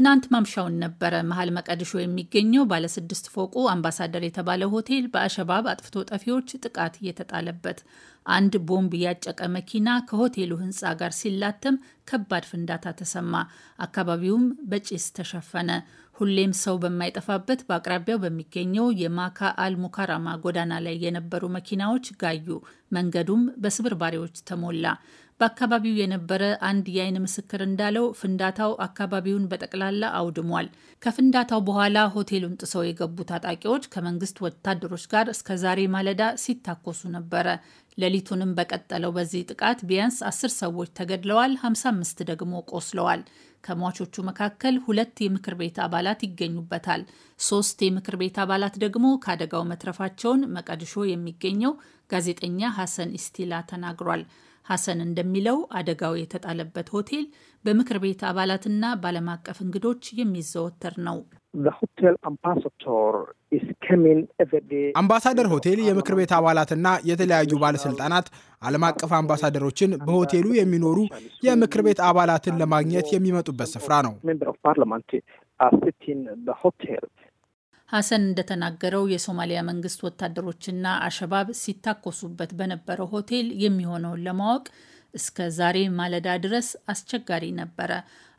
ትናንት ማምሻውን ነበረ መሀል መቀድሾ የሚገኘው ባለስድስት ፎቁ አምባሳደር የተባለ ሆቴል በአሸባብ አጥፍቶ ጠፊዎች ጥቃት እየተጣለበት አንድ ቦምብ ያጨቀ መኪና ከሆቴሉ ህንፃ ጋር ሲላተም ከባድ ፍንዳታ ተሰማ። አካባቢውም በጭስ ተሸፈነ። ሁሌም ሰው በማይጠፋበት በአቅራቢያው በሚገኘው የማካ አል ሙካራማ ጎዳና ላይ የነበሩ መኪናዎች ጋዩ፣ መንገዱም በስብርባሪዎች ተሞላ። በአካባቢው የነበረ አንድ የአይን ምስክር እንዳለው ፍንዳታው አካባቢውን በጠቅላላ አውድሟል። ከፍንዳታው በኋላ ሆቴሉን ጥሰው የገቡ ታጣቂዎች ከመንግስት ወታደሮች ጋር እስከ ዛሬ ማለዳ ሲታኮሱ ነበረ። ሌሊቱንም በቀጠለው በዚህ ጥቃት ቢያንስ አስር ሰዎች ተገድለዋል፣ 55 ደግሞ ቆስለዋል። ከሟቾቹ መካከል ሁለት የምክር ቤት አባላት ይገኙበታል። ሶስት የምክር ቤት አባላት ደግሞ ከአደጋው መትረፋቸውን መቀድሾ የሚገኘው ጋዜጠኛ ሐሰን ኢስቲላ ተናግሯል። ሐሰን እንደሚለው አደጋው የተጣለበት ሆቴል በምክር ቤት አባላትና በዓለም አቀፍ እንግዶች የሚዘወተር ነው። አምባሳደር ሆቴል የምክር ቤት አባላትና የተለያዩ ባለስልጣናት ዓለም አቀፍ አምባሳደሮችን በሆቴሉ የሚኖሩ የምክር ቤት አባላትን ለማግኘት የሚመጡበት ስፍራ ነው። ሀሰን እንደተናገረው የሶማሊያ መንግስት ወታደሮችና አሸባብ ሲታኮሱበት በነበረው ሆቴል የሚሆነውን ለማወቅ እስከ ዛሬ ማለዳ ድረስ አስቸጋሪ ነበረ።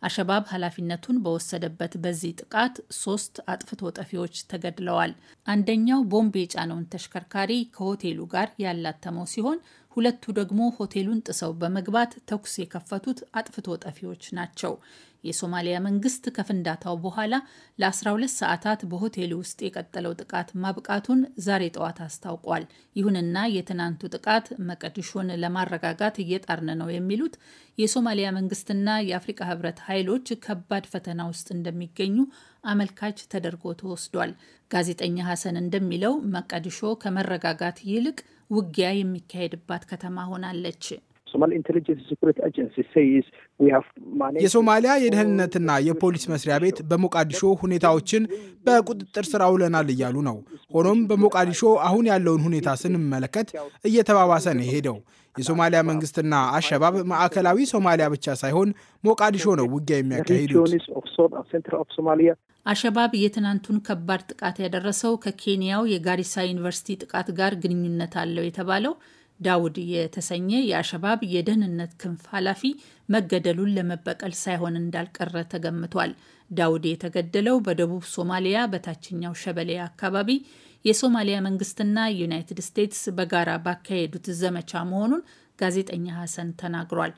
አሸባብ ኃላፊነቱን በወሰደበት በዚህ ጥቃት ሶስት አጥፍቶ ጠፊዎች ተገድለዋል። አንደኛው ቦምብ የጫነውን ተሽከርካሪ ከሆቴሉ ጋር ያላተመው ሲሆን ሁለቱ ደግሞ ሆቴሉን ጥሰው በመግባት ተኩስ የከፈቱት አጥፍቶ ጠፊዎች ናቸው። የሶማሊያ መንግስት ከፍንዳታው በኋላ ለ12 ሰዓታት በሆቴሉ ውስጥ የቀጠለው ጥቃት ማብቃቱን ዛሬ ጠዋት አስታውቋል። ይሁንና የትናንቱ ጥቃት መቀድሾን ለማረጋጋት እየጣርን ነው የሚሉት የሶማሊያ መንግስትና የአፍሪቃ ህብረት ኃይሎች ከባድ ፈተና ውስጥ እንደሚገኙ አመልካች ተደርጎ ተወስዷል። ጋዜጠኛ ሀሰን እንደሚለው መቀድሾ ከመረጋጋት ይልቅ ውጊያ የሚካሄድባት ከተማ ሆናለች። የሶማሊያ የደህንነትና የፖሊስ መስሪያ ቤት በሞቃዲሾ ሁኔታዎችን በቁጥጥር ስር አውለናል እያሉ ነው። ሆኖም በሞቃዲሾ አሁን ያለውን ሁኔታ ስንመለከት እየተባባሰ ነው የሄደው። የሶማሊያ መንግስትና አሸባብ ማዕከላዊ ሶማሊያ ብቻ ሳይሆን ሞቃዲሾ ነው ውጊያ የሚያካሂዱት። አሸባብ የትናንቱን ከባድ ጥቃት ያደረሰው ከኬንያው የጋሪሳ ዩኒቨርሲቲ ጥቃት ጋር ግንኙነት አለው የተባለው ዳውድ የተሰኘ የአሸባብ የደህንነት ክንፍ ኃላፊ መገደሉን ለመበቀል ሳይሆን እንዳልቀረ ተገምቷል። ዳውድ የተገደለው በደቡብ ሶማሊያ በታችኛው ሸበሌ አካባቢ የሶማሊያ መንግስትና ዩናይትድ ስቴትስ በጋራ ባካሄዱት ዘመቻ መሆኑን ጋዜጠኛ ሀሰን ተናግሯል።